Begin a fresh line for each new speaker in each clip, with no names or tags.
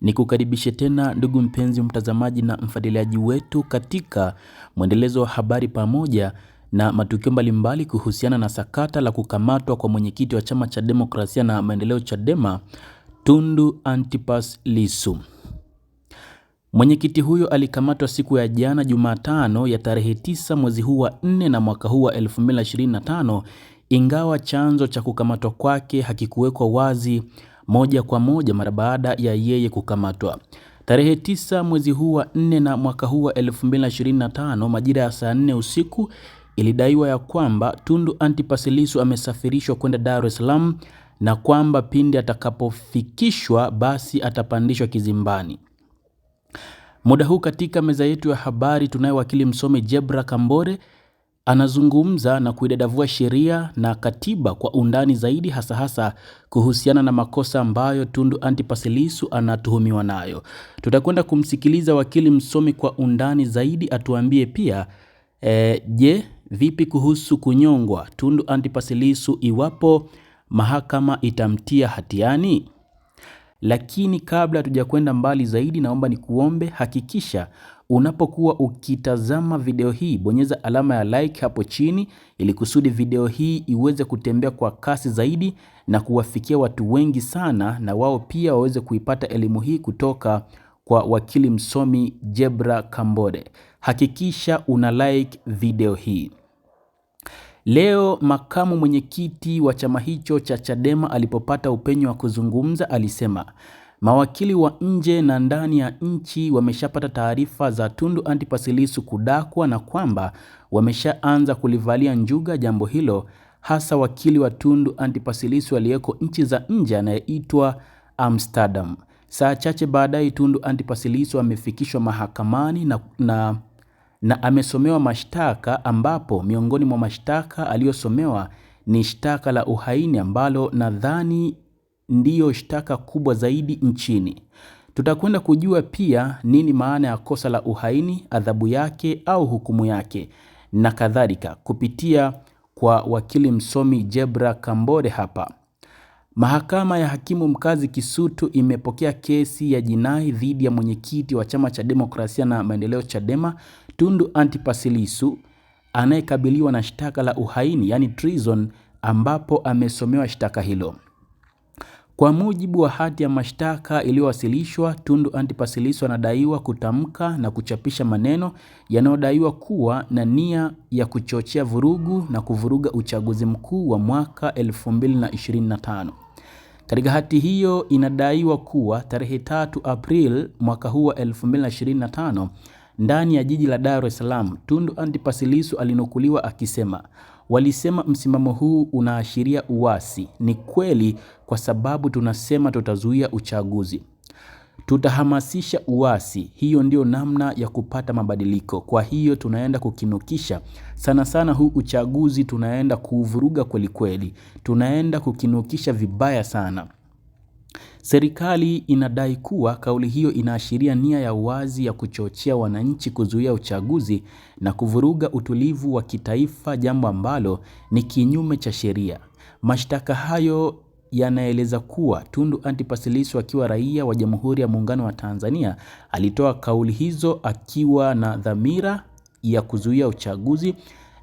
Ni kukaribishe tena ndugu mpenzi mtazamaji na mfuatiliaji wetu katika mwendelezo wa habari pamoja na matukio mbalimbali kuhusiana na sakata la kukamatwa kwa mwenyekiti wa chama cha demokrasia na maendeleo Chadema, Tundu Antipas Lissu. Mwenyekiti huyo alikamatwa siku ya jana Jumatano ya tarehe 9 mwezi huu wa 4 na mwaka huu wa 2025, ingawa chanzo cha kukamatwa kwake hakikuwekwa wazi moja kwa moja mara baada ya yeye kukamatwa. Tarehe tisa mwezi huu wa nne na mwaka huu wa 2025 majira ya saa nne usiku ilidaiwa ya kwamba Tundu Antipas Lissu amesafirishwa kwenda Dar es Salaam na kwamba pindi atakapofikishwa basi atapandishwa kizimbani. Muda huu katika meza yetu ya habari tunaye wakili msomi Jebra Kambore anazungumza na kuidadavua sheria na katiba kwa undani zaidi hasa hasa kuhusiana na makosa ambayo Tundu Antipas Lissu anatuhumiwa nayo. Tutakwenda kumsikiliza wakili msomi kwa undani zaidi atuambie pia e, je, vipi kuhusu kunyongwa Tundu Antipas Lissu iwapo mahakama itamtia hatiani? Lakini kabla hatujakwenda mbali zaidi, naomba nikuombe, hakikisha Unapokuwa ukitazama video hii, bonyeza alama ya like hapo chini ili kusudi video hii iweze kutembea kwa kasi zaidi na kuwafikia watu wengi sana, na wao pia waweze kuipata elimu hii kutoka kwa wakili msomi Jebra kambode Hakikisha una like video hii. Leo makamu mwenyekiti wa chama hicho cha Chadema alipopata upenyo wa kuzungumza alisema Mawakili wa nje na ndani ya nchi wameshapata taarifa za Tundu Antipas Lissu kudakwa na kwamba wameshaanza kulivalia njuga jambo hilo, hasa wakili wa Tundu Antipas Lissu aliyeko nchi za nje anayeitwa Amsterdam. Saa chache baadaye Tundu Antipas Lissu amefikishwa mahakamani na, na, na amesomewa mashtaka ambapo miongoni mwa mashtaka aliyosomewa ni shtaka la uhaini ambalo nadhani ndiyo shtaka kubwa zaidi nchini. Tutakwenda kujua pia nini maana ya kosa la uhaini, adhabu yake au hukumu yake na kadhalika, kupitia kwa wakili msomi Jebra Kambore Hapa mahakama ya hakimu mkazi Kisutu imepokea kesi ya jinai dhidi ya mwenyekiti wa chama cha demokrasia na maendeleo Chadema, Tundu Antipas Lissu anayekabiliwa na shtaka la uhaini, yani treason, ambapo amesomewa shtaka hilo. Kwa mujibu wa hati ya mashtaka iliyowasilishwa, Tundu Antipas Lissu anadaiwa kutamka na kuchapisha maneno yanayodaiwa kuwa na nia ya kuchochea vurugu na kuvuruga uchaguzi mkuu wa mwaka 2025. Katika hati hiyo inadaiwa kuwa tarehe 3 Aprili mwaka huu wa 2025, ndani ya jiji la Dar es Salaam, Tundu Antipas Lissu alinukuliwa akisema Walisema msimamo huu unaashiria uasi. Ni kweli, kwa sababu tunasema tutazuia uchaguzi, tutahamasisha uasi. Hiyo ndio namna ya kupata mabadiliko. Kwa hiyo tunaenda kukinukisha sana sana huu uchaguzi, tunaenda kuuvuruga kwelikweli, tunaenda kukinukisha vibaya sana. Serikali inadai kuwa kauli hiyo inaashiria nia ya wazi ya kuchochea wananchi kuzuia uchaguzi na kuvuruga utulivu wa kitaifa, jambo ambalo ni kinyume cha sheria. Mashtaka hayo yanaeleza kuwa Tundu Antipas Lissu akiwa raia wa Jamhuri ya Muungano wa Tanzania alitoa kauli hizo akiwa na dhamira ya kuzuia uchaguzi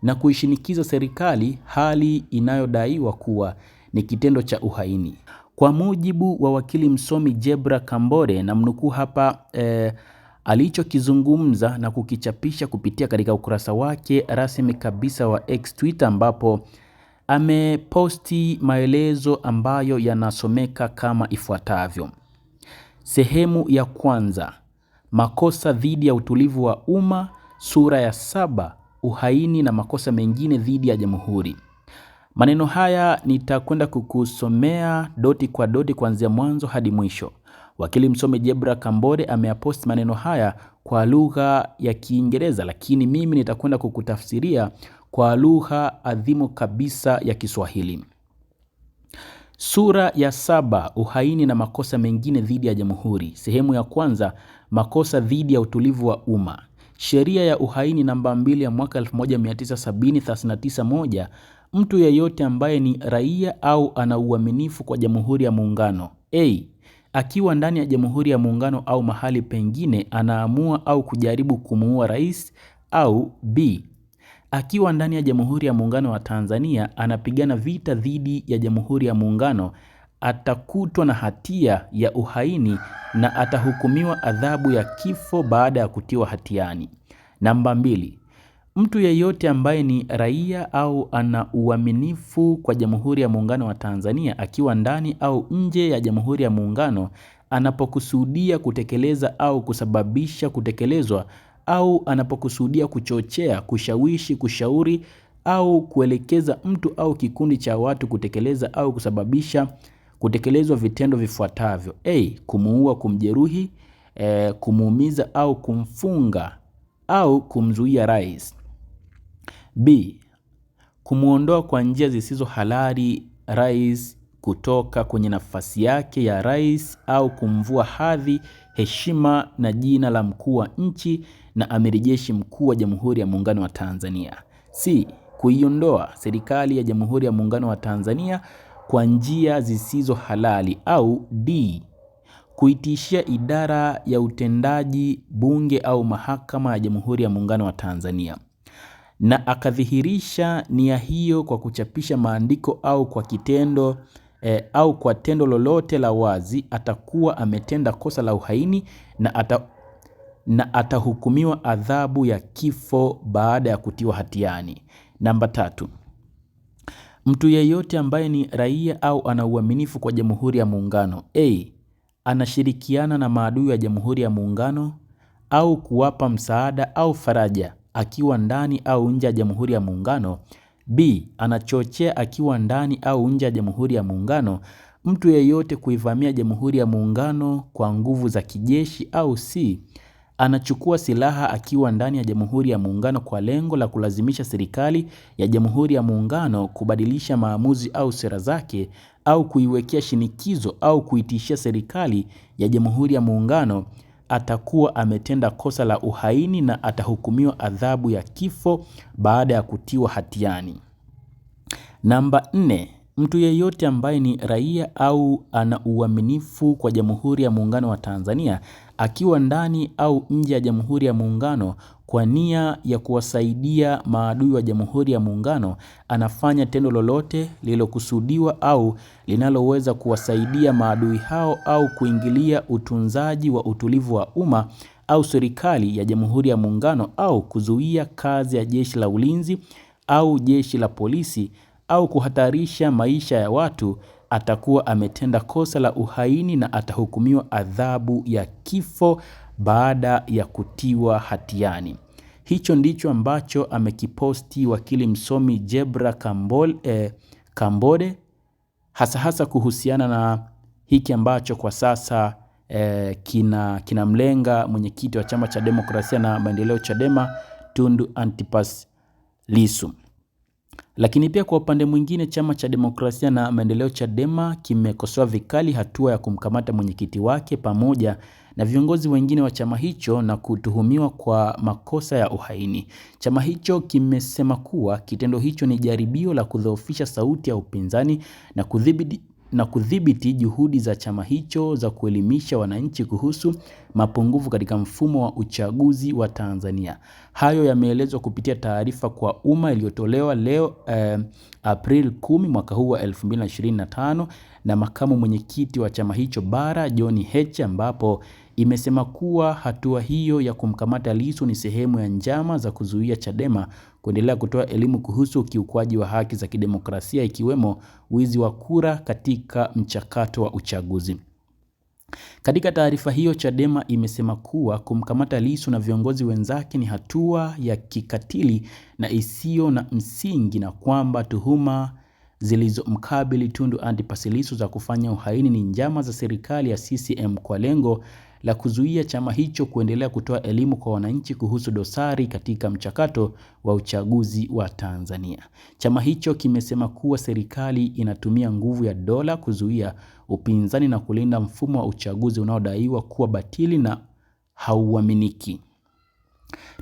na kuishinikiza serikali, hali inayodaiwa kuwa ni kitendo cha uhaini. Kwa mujibu wa wakili msomi Jebra na namnukuu hapa eh, alichokizungumza na kukichapisha kupitia katika ukurasa wake rasmi kabisa wa X Twitter, ambapo ameposti maelezo ambayo yanasomeka kama ifuatavyo: sehemu ya kwanza, makosa dhidi ya utulivu wa umma; sura ya saba, uhaini na makosa mengine dhidi ya jamhuri; Maneno haya nitakwenda kukusomea doti kwa doti kuanzia mwanzo hadi mwisho. Wakili msomi Jebra kambore ameyaposti maneno haya kwa lugha ya Kiingereza, lakini mimi nitakwenda kukutafsiria kwa lugha adhimu kabisa ya Kiswahili. Sura ya saba: uhaini na makosa mengine dhidi ya jamhuri. Sehemu ya kwanza: makosa dhidi ya utulivu wa umma. Sheria ya uhaini namba 2 ya mwaka 1979 mtu yeyote ambaye ni raia au ana uaminifu kwa Jamhuri ya Muungano. A. Akiwa ndani ya Jamhuri ya Muungano au mahali pengine anaamua au kujaribu kumuua rais au B. Akiwa ndani ya Jamhuri ya Muungano wa Tanzania anapigana vita dhidi ya Jamhuri ya Muungano atakutwa na hatia ya uhaini na atahukumiwa adhabu ya kifo baada ya kutiwa hatiani. Namba mbili, Mtu yeyote ambaye ni raia au ana uaminifu kwa Jamhuri ya Muungano wa Tanzania akiwa ndani au nje ya Jamhuri ya Muungano anapokusudia kutekeleza au kusababisha kutekelezwa au anapokusudia kuchochea, kushawishi, kushauri au kuelekeza mtu au kikundi cha watu kutekeleza au kusababisha kutekelezwa vitendo vifuatavyo: A. kumuua, kumjeruhi, e, kumuumiza au kumfunga au kumzuia rais B. Kumwondoa kwa njia zisizo halali rais kutoka kwenye nafasi yake ya rais au kumvua hadhi, heshima na jina la mkuu wa nchi na amiri jeshi mkuu wa Jamhuri ya Muungano wa Tanzania. C. Kuiondoa serikali ya Jamhuri ya Muungano wa Tanzania kwa njia zisizo halali au D. Kuitishia idara ya utendaji, bunge au mahakama ya Jamhuri ya Muungano wa Tanzania na akadhihirisha nia hiyo kwa kuchapisha maandiko au kwa kitendo e, au kwa tendo lolote la wazi, atakuwa ametenda kosa la uhaini na, ata, na atahukumiwa adhabu ya kifo baada ya kutiwa hatiani. Namba tatu, mtu yeyote ambaye ni raia au ana uaminifu kwa Jamhuri ya Muungano a anashirikiana na maadui ya Jamhuri ya Muungano au kuwapa msaada au faraja akiwa ndani au nje ya Jamhuri ya Muungano; b. anachochea akiwa ndani au nje ya Jamhuri ya Muungano mtu yeyote kuivamia Jamhuri ya Muungano kwa nguvu za kijeshi; au c. anachukua silaha akiwa ndani ya Jamhuri ya Muungano kwa lengo la kulazimisha Serikali ya Jamhuri ya Muungano kubadilisha maamuzi au sera zake, au kuiwekea shinikizo au kuitishia Serikali ya Jamhuri ya Muungano atakuwa ametenda kosa la uhaini na atahukumiwa adhabu ya kifo baada ya kutiwa hatiani. Namba nne, Mtu yeyote ambaye ni raia au ana uaminifu kwa Jamhuri ya Muungano wa Tanzania akiwa ndani au nje ya Jamhuri ya Muungano kwa nia ya kuwasaidia maadui wa Jamhuri ya Muungano, anafanya tendo lolote lililokusudiwa au linaloweza kuwasaidia maadui hao au kuingilia utunzaji wa utulivu wa umma au serikali ya Jamhuri ya Muungano au kuzuia kazi ya Jeshi la Ulinzi au Jeshi la Polisi au kuhatarisha maisha ya watu atakuwa ametenda kosa la uhaini na atahukumiwa adhabu ya kifo baada ya kutiwa hatiani. Hicho ndicho ambacho amekiposti wakili msomi Jebra Kambol, eh, Kambode hasa hasa kuhusiana na hiki ambacho kwa sasa eh, kina kinamlenga mwenyekiti wa chama cha demokrasia na maendeleo Chadema Tundu Antipas Lissu. Lakini pia kwa upande mwingine, chama cha demokrasia na maendeleo Chadema kimekosoa vikali hatua ya kumkamata mwenyekiti wake pamoja na viongozi wengine wa chama hicho na kutuhumiwa kwa makosa ya uhaini. Chama hicho kimesema kuwa kitendo hicho ni jaribio la kudhoofisha sauti ya upinzani na kudhibiti na kudhibiti juhudi za chama hicho za kuelimisha wananchi kuhusu mapungufu katika mfumo wa uchaguzi wa Tanzania. Hayo yameelezwa kupitia taarifa kwa umma iliyotolewa leo eh, April 10 mwaka huu wa 2025 na makamu mwenyekiti wa chama hicho bara John Heche, ambapo imesema kuwa hatua hiyo ya kumkamata Lissu ni sehemu ya njama za kuzuia Chadema kuendelea kutoa elimu kuhusu ukiukwaji wa haki za kidemokrasia ikiwemo wizi wa kura katika mchakato wa uchaguzi. Katika taarifa hiyo, Chadema imesema kuwa kumkamata Lissu na viongozi wenzake ni hatua ya kikatili na isiyo na msingi na kwamba tuhuma zilizomkabili Tundu Antipas Lissu za kufanya uhaini ni njama za serikali ya CCM kwa lengo la kuzuia chama hicho kuendelea kutoa elimu kwa wananchi kuhusu dosari katika mchakato wa uchaguzi wa Tanzania. Chama hicho kimesema kuwa serikali inatumia nguvu ya dola kuzuia upinzani na kulinda mfumo wa uchaguzi unaodaiwa kuwa batili na hauaminiki.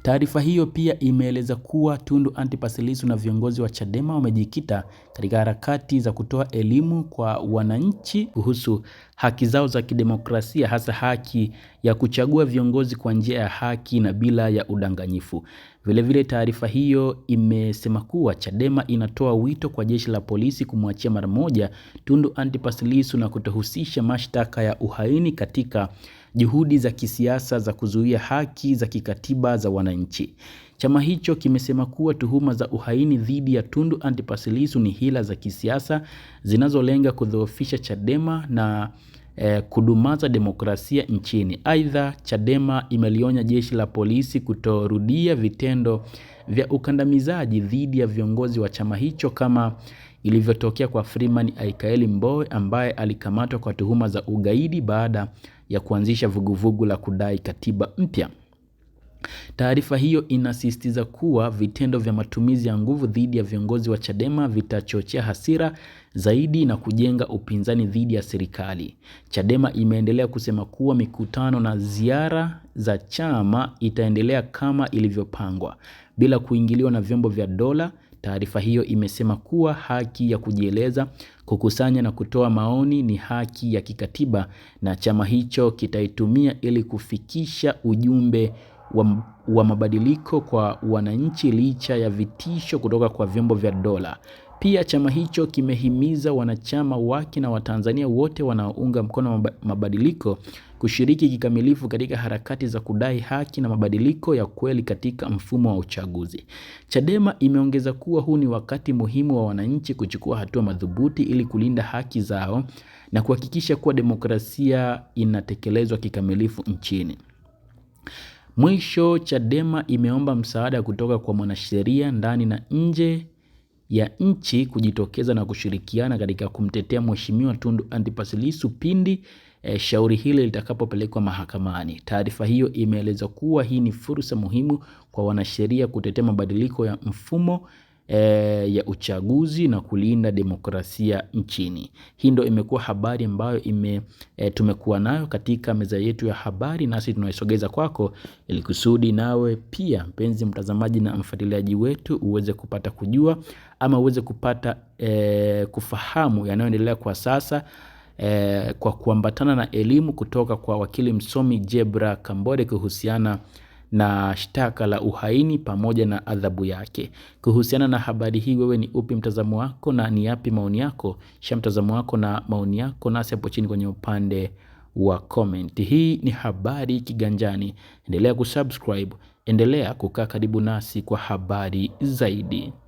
Taarifa hiyo pia imeeleza kuwa Tundu Antipas Lissu na viongozi wa Chadema wamejikita katika harakati za kutoa elimu kwa wananchi kuhusu haki zao za kidemokrasia hasa haki ya kuchagua viongozi kwa njia ya haki na bila ya udanganyifu. Vilevile, taarifa hiyo imesema kuwa Chadema inatoa wito kwa jeshi la polisi kumwachia mara moja Tundu Antipas Lissu na kutohusisha mashtaka ya uhaini katika juhudi za kisiasa za kuzuia haki za kikatiba za wananchi. Chama hicho kimesema kuwa tuhuma za uhaini dhidi ya Tundu Antipas Lissu ni hila za kisiasa zinazolenga kudhoofisha Chadema na eh, kudumaza demokrasia nchini. Aidha, Chadema imelionya jeshi la polisi kutorudia vitendo vya ukandamizaji dhidi ya viongozi wa chama hicho kama ilivyotokea kwa Freeman Aikaeli Mbowe ambaye alikamatwa kwa tuhuma za ugaidi baada ya kuanzisha vuguvugu la kudai katiba mpya. Taarifa hiyo inasisitiza kuwa vitendo vya matumizi ya nguvu dhidi ya viongozi wa Chadema vitachochea hasira zaidi na kujenga upinzani dhidi ya serikali. Chadema imeendelea kusema kuwa mikutano na ziara za chama itaendelea kama ilivyopangwa bila kuingiliwa na vyombo vya dola Taarifa hiyo imesema kuwa haki ya kujieleza, kukusanya na kutoa maoni ni haki ya kikatiba na chama hicho kitaitumia ili kufikisha ujumbe wa, wa mabadiliko kwa wananchi licha ya vitisho kutoka kwa vyombo vya dola. Pia chama hicho kimehimiza wanachama wake na Watanzania wote wanaounga mkono mabadiliko kushiriki kikamilifu katika harakati za kudai haki na mabadiliko ya kweli katika mfumo wa uchaguzi. Chadema imeongeza kuwa huu ni wakati muhimu wa wananchi kuchukua hatua madhubuti ili kulinda haki zao na kuhakikisha kuwa demokrasia inatekelezwa kikamilifu nchini. Mwisho, Chadema imeomba msaada kutoka kwa mwanasheria ndani na nje ya nchi kujitokeza na kushirikiana katika kumtetea Mheshimiwa Tundu Antipas Lissu pindi e, shauri hili litakapopelekwa mahakamani. Taarifa hiyo imeeleza kuwa hii ni fursa muhimu kwa wanasheria kutetea mabadiliko ya mfumo E, ya uchaguzi na kulinda demokrasia nchini. Hii ndio imekuwa habari ambayo ime, e, tumekuwa nayo katika meza yetu ya habari, nasi tunaisogeza kwako ili kusudi nawe pia mpenzi mtazamaji na mfuatiliaji wetu uweze kupata kujua ama uweze kupata e, kufahamu yanayoendelea kwa sasa eh, kwa kuambatana na elimu kutoka kwa wakili msomi Jebra Kambode kuhusiana na shtaka la uhaini pamoja na adhabu yake. Kuhusiana na habari hii, wewe ni upi mtazamo wako na ni yapi maoni yako? Shia mtazamo wako na maoni yako nasi hapo chini kwenye upande wa comment. Hii ni Habari Kiganjani. Endelea kusubscribe, endelea kukaa karibu nasi kwa habari zaidi.